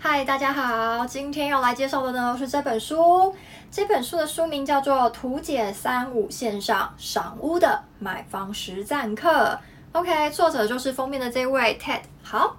嗨，Hi, 大家好，今天要來介紹的呢是這本書，這本書的書名叫做《圖解三五線上賞屋的買房實戰課》。OK，作者就是封面的這位 Ted。好，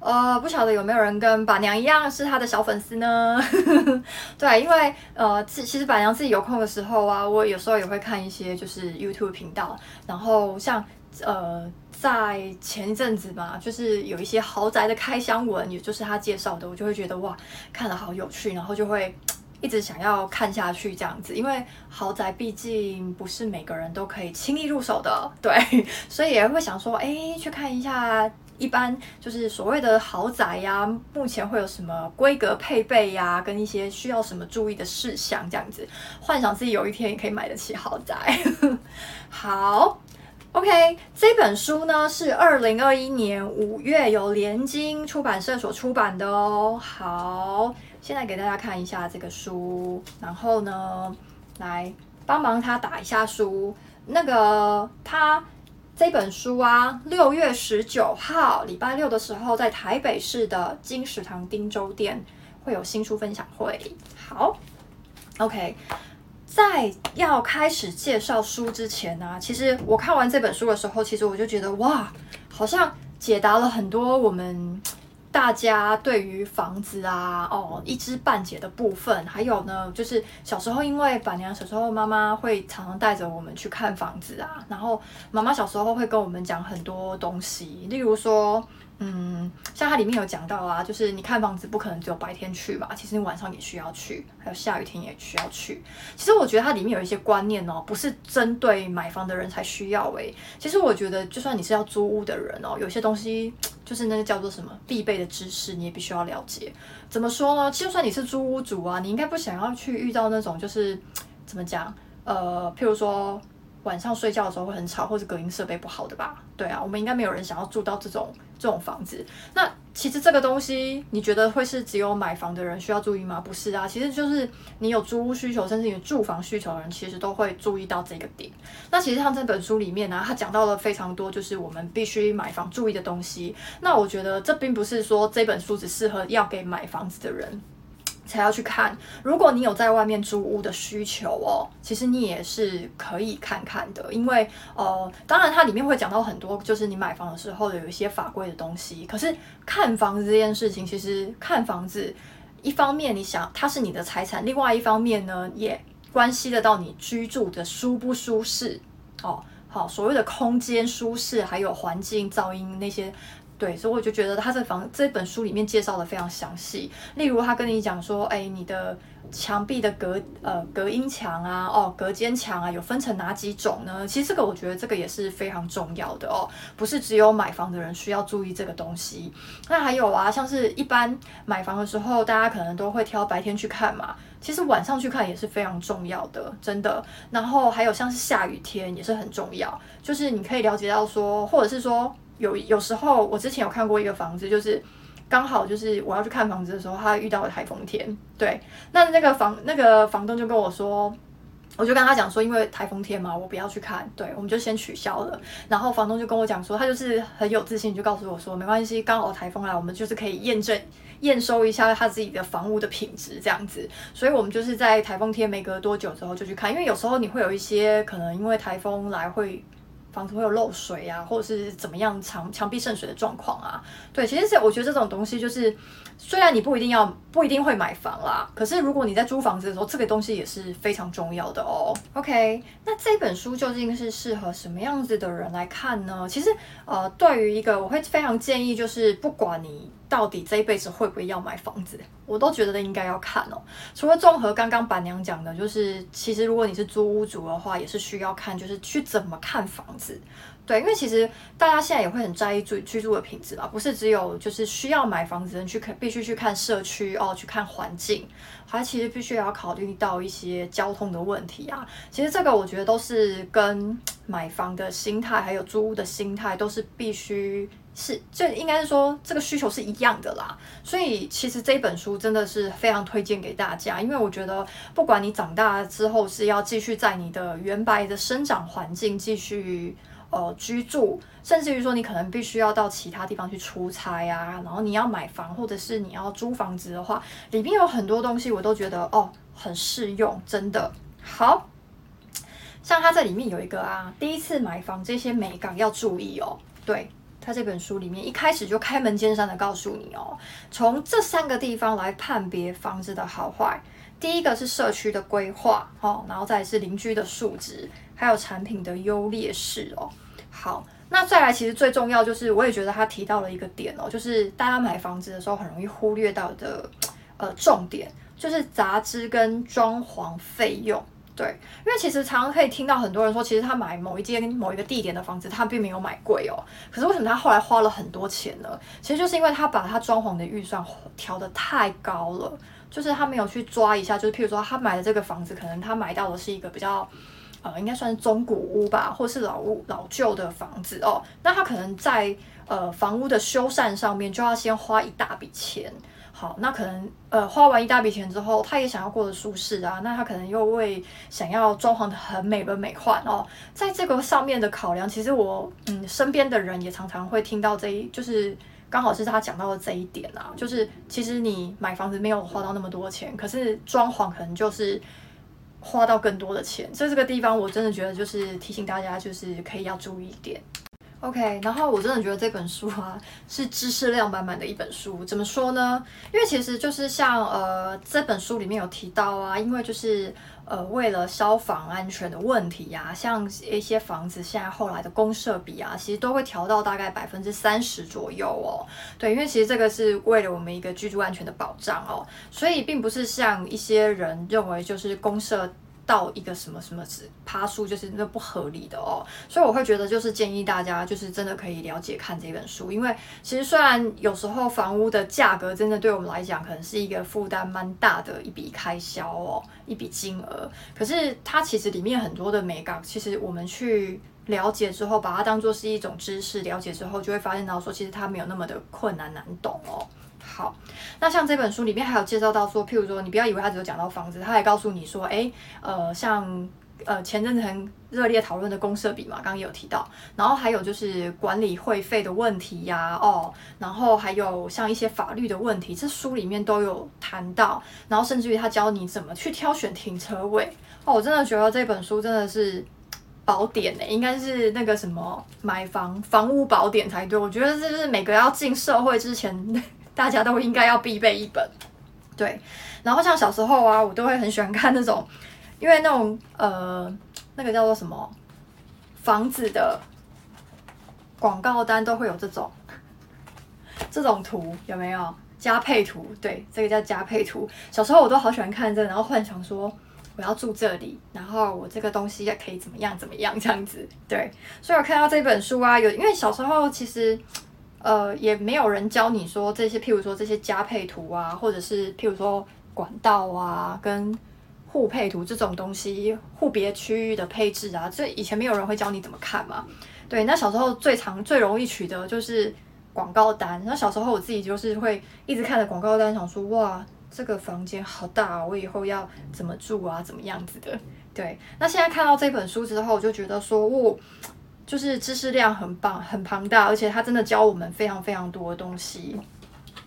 呃，不曉得有沒有人跟板娘一樣是他的小粉絲呢？ 對，因為呃，其實板娘自己有空的時候啊，我有時候也會看一些就是 YouTube 頻道，然後像呃。在前一陣子嘛，就是有一些豪宅的開箱文，也就是他介紹的，我就會覺得哇，看了好有趣，然後就會一直想要看下去這樣子，因為豪宅畢竟不是每個人都可以輕易入手的，對，所以也會想說，哎，去看一下，一般就是所謂的豪宅呀，目前會有什麼規格配備呀，跟一些需要什麼注意的事項這樣子，幻想自己有一天也可以買得起豪宅， 好。OK，這本書呢，是二零二一年五月由聯經出版社所出版的哦。好，現在給大家看一下這個書，然後呢，來幫忙他打一下書。那個他這本書啊，六月十九號禮拜六的時候，在台北市的金石堂汀州店會有新書分享會。好，OK。在要開始介紹書之前呢、啊，其實我看完這本書的時候，其實我就覺得哇，好像解答了很多我們大家對於房子啊哦一知半解的部分，還有呢，就是小時候因為板娘小時候媽媽會常常帶着我們去看房子啊，然後媽媽小時候會跟我們講很多東西，例如說。嗯，像它裡面有講到啊，就是你看房子不可能只有白天去吧？其實你晚上也需要去，還有下雨天也需要去。其實我覺得它裡面有一些觀念哦，不是針對買房的人才需要誒、欸。其實我覺得就算你是要租屋的人哦，有些東西就是那個叫做什麼必備的知識你也必須要了解。怎麼說呢？就算你是租屋主啊，你應該不想要去遇到那種就是怎麼講呃，譬如說。晚上睡覺的時候會很吵，或者隔音設備不好的吧？對啊，我們應該沒有人想要住到這種這種房子。那其實這個東西，你覺得會是只有買房的人需要注意嗎？不是啊，其實就是你有租屋需求，甚至你有住房需求的人，其實都會注意到這個點。那其實像這本書裡面呢、啊，他講到了非常多，就是我們必須買房注意的東西。那我覺得這並不是說這本書只適合要給買房子的人。才要去看。如果你有在外面租屋的需求哦，其實你也是可以看看的。因為，哦、呃，當然它裡面會講到很多，就是你買房的時候有一些法規的東西。可是看房子這件事情，其實看房子，一方面你想它是你的財產，另外一方面呢，也關係得到你居住的舒不舒適哦。好，所謂的空間舒適，還有環境噪音那些。對，所以我就覺得他這房這本書裡面介紹的非常詳細。例如，他跟你講說，哎，你的牆壁的隔呃隔音牆啊，哦，隔間牆啊，有分成哪幾種呢？其實這個我覺得這個也是非常重要的哦，不是只有買房的人需要注意這個東西。那還有啊，像是一般買房的時候，大家可能都會挑白天去看嘛，其實晚上去看也是非常重要的，真的。然後還有像是下雨天也是很重要，就是你可以了解到說，或者是說，有有時候，我之前有看過一個房子，就是剛好就是我要去看房子的時候，他遇到了台風天。對，那那個房那個房東就跟我說，我就跟他講說，因為台風天嘛，我不要去看，對，我們就先取消了。然後房東就跟我講說，他就是很有自信，就告訴我說，沒關係，剛好台風來，我們就是可以驗證驗收一下他自己的房屋的品質這樣子。所以我們就是在台風天沒隔多久之後就去看，因為有時候你會有一些可能因為台風來會。房子會有漏水啊，或者是怎麼樣，牆牆壁滲水的狀況啊。對，其實這我覺得這種東西就是。雖然你不一定要不一定會買房啦，可是如果你在租房子的時候，這個東西也是非常重要的哦。OK，那這本書究竟是適合什麼樣子的人來看呢？其實，呃，對於一個我會非常建議，就是不管你到底這一輩子會不會要買房子，我都覺得應該要看哦。除了綜合剛剛板娘講的，就是其實如果你是租屋族的話，也是需要看，就是去怎麼看房子。對，因為其實大家現在也會很在意住居住的品質吧，不是只有就是需要買房子的人去看，必須去看社區哦，去看環境，還其實必須要考慮到一些交通的問題啊。其實這個我覺得都是跟買房的心態，還有租屋的心態都是必須是，這應該是說這個需求是一樣的啦。所以其實這本書真的是非常推薦給大家，因為我覺得不管你長大之後是要繼續在你的原來的生長環境繼續。呃，居住，甚至於說你可能必須要到其他地方去出差啊，然後你要買房或者是你要租房子的話，裡面有很多東西我都覺得哦，很適用，真的。好像他在裡面有一個啊，第一次買房這些眉角要注意哦。對，他這本書裡面一開始就開門見山的告訴你哦，從這三個地方來判別房子的好壞。第一個是社區的規劃哦，然後再是鄰居的素質，還有產品的優劣勢哦。好，那再來其實最重要就是，我也覺得他提到了一個點哦，就是大家買房子的時候很容易忽略到的呃重點，就是雜支跟裝潢費用。對，因為其實常常可以聽到很多人說，其實他買某一間某一個地點的房子，他並沒有買貴哦，可是為什麼他後來花了很多錢呢？其實就是因為他把他裝潢的預算調得太高了。就是他沒有去抓一下，就是譬如說他買的這個房子，可能他買到的是一個比較，呃，應該算是中古屋吧，或是老屋、老舊的房子哦。那他可能在呃房屋的修繕上面就要先花一大筆錢。好，那可能呃花完一大筆錢之後，他也想要過得舒適啊。那他可能又會想要裝潢得很美輪美奐哦。在這個上面的考量，其實我嗯身邊的人也常常會聽到這一就是。剛好是他講到的這一點啦、啊，就是其實你買房子沒有花到那麼多錢，可是裝潢可能就是花到更多的錢，所以這個地方我真的覺得就是提醒大家，就是可以要注意一點。OK，然後我真的覺得這本書啊是知識量滿滿的一本書。怎麼說呢？因為其實就是像呃這本書裡面有提到啊，因為就是呃為了消防安全的問題啊，像一些房子現在後來的公設比啊，其實都會調到大概百分之三十左右哦。對，因為其實這個是為了我們一個居住安全的保障哦，所以並不是像一些人認為就是公設。到一個什麼什麼趴數，就是那不合理的哦，所以我會覺得就是建議大家就是真的可以了解看這本書，因為其實雖然有時候房屋的價格真的對我們來講可能是一個負擔蠻大的一筆開銷哦，一筆金額，可是它其實裡面很多的美感，其實我們去了解之後，把它當做是一種知識了解之後，就會發現到說其實它沒有那麼的困難難懂哦。好，那像這本書裡面還有介紹到說，譬如說，你不要以為他只有講到房子，他還告訴你說，誒、欸，呃，像呃前陣子很熱烈討論的公設比嘛，剛剛也有提到，然後還有就是管理會費的問題呀、啊，哦，然後還有像一些法律的問題，這書裡面都有談到，然後甚至於他教你怎麼去挑選停車位哦，我真的覺得這本書真的是寶典呢、欸，應該是那個什麼買房房屋寶典才對，我覺得這是每個要進社會之前。大家都應該要必備一本，對。然後像小時候啊，我都會很喜歡看那種，因為那種呃，那個叫做什麼房子的廣告單都會有這種這種圖，有沒有？加配圖，對，這個叫加配圖。小時候我都好喜歡看這個，然後幻想說我要住這裡，然後我這個東西也可以怎麼樣怎麼樣這樣子。對，所以我看到這本書啊，有因為小時候其實。呃，也沒有人教你說這些，譬如說這些家配圖啊，或者是譬如說管道啊，跟戶配圖這種東西，戶別區域的配置啊，這以前沒有人會教你怎麼看嘛。對，那小時候最常最容易取得就是廣告單，那小時候我自己就是會一直看着廣告單，想說哇，這個房間好大，哦，我以後要怎麼住啊，怎麼樣子的。對，那現在看到這本書之後，我就覺得說，我，哦。就是知識量很棒，很龐大，而且他真的教我們非常非常多的東西。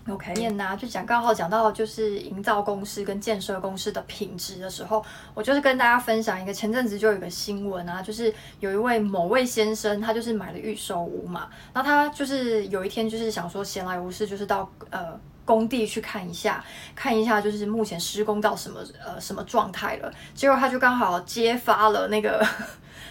OK，那呢、嗯、就講剛好講到就是營造公司跟建設公司的品質的時候，我就是跟大家分享一個前陣子就有一個新聞啊，就是有一位某位先生，他就是買了預售屋嘛，那他就是有一天就是想說閒來無事，就是到呃。工地去看一下，看一下就是目前施工到什麼呃什麼狀態了。結果他就剛好揭發了那個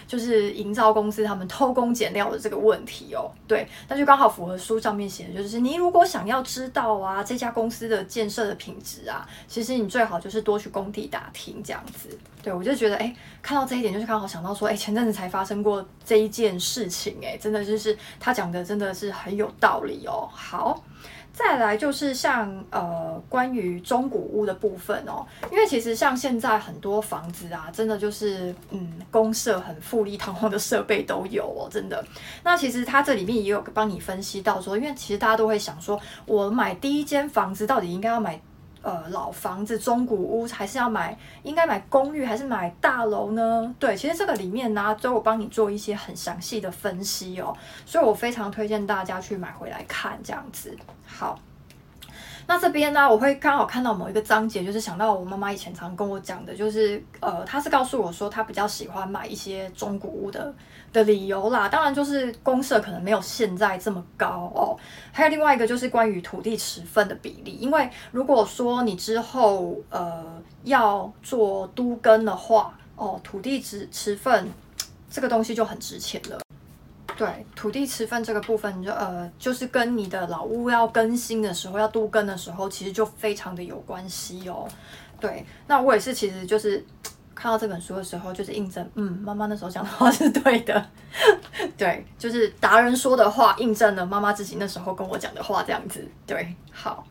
就是營造公司他們偷工減料的這個問題哦。對，那就剛好符合書上面寫的就是你如果想要知道啊，這家公司的建設的品質啊，其實你最好就是多去工地打聽這樣子。對，我就覺得欸，看到這一點就是剛好想到說欸，前陣子才發生過這一件事情欸，真的就是他講的真的是很有道理哦。好。再來就是像呃關於中古屋的部分喔，因為其實像現在很多房子啊，真的就是嗯公設很富麗堂皇的設備都有喔，真的。那其實它這裡面也有幫你分析到說，因為其實大家都會想說我買第一間房子到底應該要買。呃，老房子、中古屋，還是要買？應該買公寓還是買大樓呢？對，其實這個裡面呢、啊，都有幫你做一些很詳細的分析哦，所以我非常推薦大家去買回來看這樣子。好。那這邊呢、啊，我會剛好看到某一個章節，就是想到我媽媽以前常跟我講的，就是呃，她是告訴我說，她比較喜歡買一些中古屋的的理由啦。當然，就是公設可能沒有現在這麼高哦。還有另外一個就是關於土地持份的比例，因為如果說你之後呃要做都更的話，哦，土地持持份這個東西就很值錢了。對土地持分，這個部分，就呃，就是跟你的老屋要更新的時候，要都更的時候，其實就非常的有關係哦。對，那我也是，其實就是看到這本書的時候，就是印證，嗯，媽媽那時候講的話是對的。 對，就是達人說的話印證了媽媽自己那時候跟我講的話，這樣子。對，好，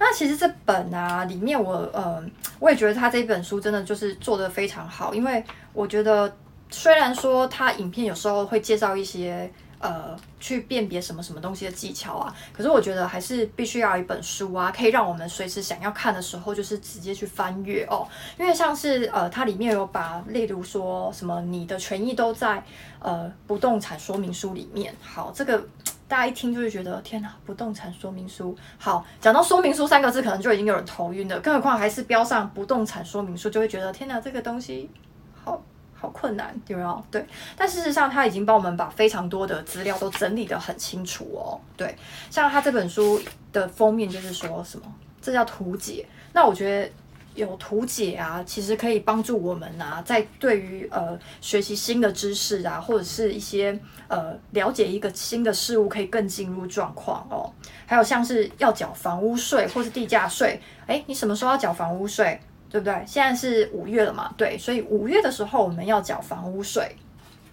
那其實這本啊，裡面我呃，我也覺得他這本書真的就是做得非常好，因為我覺得。雖然說它影片有時候會介紹一些呃去辨別什麼什麼東西的技巧啊，可是我覺得還是必須要一本書啊，可以讓我們隨時想要看的時候就是直接去翻閱哦。因為像是呃它裡面有把，例如說什麼你的權益都在呃不動產說明書裡面。好，這個大家一聽就會覺得天哪，不動產說明書。好，講到說明書三個字，可能就已經有人頭暈了，更何況還是標上不動產說明書，就會覺得天哪，這個東西。困難，對不對？對，但事實上他已經幫我們把非常多的資料都整理得很清楚哦。對，像他這本書的封面就是說什麼？這叫圖解。那我覺得有圖解啊，其實可以幫助我們啊，在對於呃學習新的知識啊，或者是一些呃了解一個新的事物，可以更進入狀況哦。還有像是要繳房屋稅或是地價稅，誒，你什麼時候要繳房屋稅？對不對？現在是五月了嘛？對，所以五月的時候我們要繳房屋稅，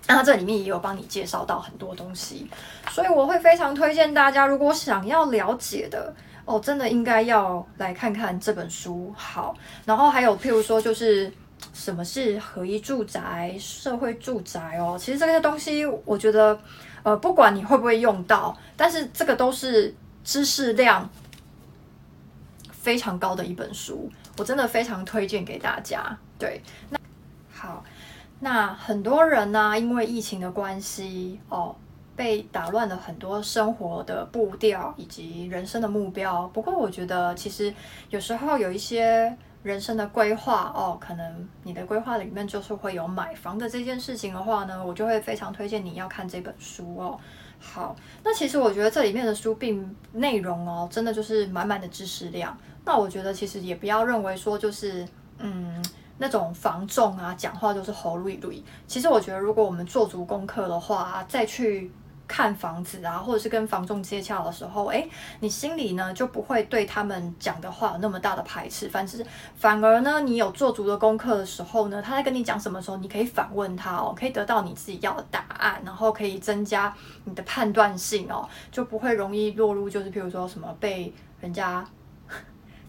那、啊、這裡面也有幫你介紹到很多東西，所以我會非常推薦大家，如果想要了解的哦，真的應該要來看看這本書。好，然後還有譬如說就是什麼是合宜住宅、社會住宅哦，其實這些東西我覺得呃，不管你會不會用到，但是這個都是知識量非常高的一本書。我真的非常推薦給大家。對，那好，那很多人呢、啊，因為疫情的關係哦，被打亂了很多生活的步調以及人生的目標。不過，我覺得其實有時候有一些人生的規劃哦，可能你的規劃裡面就是會有買房的這件事情的話呢，我就會非常推薦你要看這本書哦。好，那其實我覺得這裡面的書並內容哦，真的就是滿滿的知識量。那我覺得其實也不要認為說就是嗯那種房仲啊，講話就是吼嚕嚕。其實我覺得如果我們做足功課的話，再去，看房子啊，或者是跟房仲接洽的時候，誒，你心裡呢就不會對他們講的話有那麼大的排斥，反之反而呢，你有做足的功課的時候呢，他在跟你講什麼時候，你可以反問他哦，可以得到你自己要的答案，然後可以增加你的判斷性哦，就不會容易落入就是譬如說什麼被人家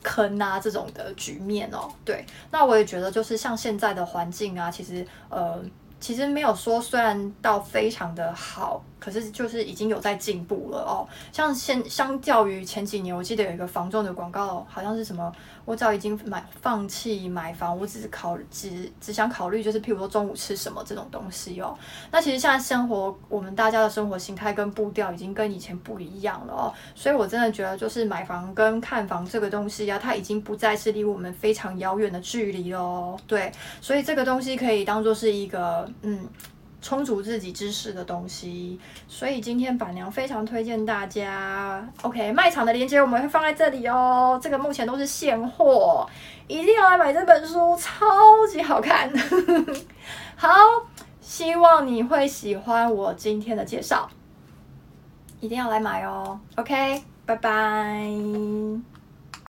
坑啊這種的局面哦。對，那我也覺得就是像現在的環境啊，其實呃，其實沒有說雖然到非常的好。可是就是已經有在進步了哦，像現相較於前幾年，我記得有一個房仲的廣告、哦，好像是什麼，我早已經買放棄買房，我只是考只只想考慮就是譬如說中午吃什麼這種東西哦。那其實現在生活，我們大家的生活形態跟步調已經跟以前不一樣了哦，所以我真的覺得就是買房跟看房這個東西呀、啊，它已經不再是離我們非常遙遠的距離了哦。對，所以這個東西可以當做是一個嗯。充足自己知識的東西，所以今天板娘非常推薦大家。OK，賣場的鏈接我們會放在這裡哦。這個目前都是現貨，一定要來買這本書，超級好看。 好，希望你會喜歡我今天的介紹，一定要來買哦。OK，拜拜。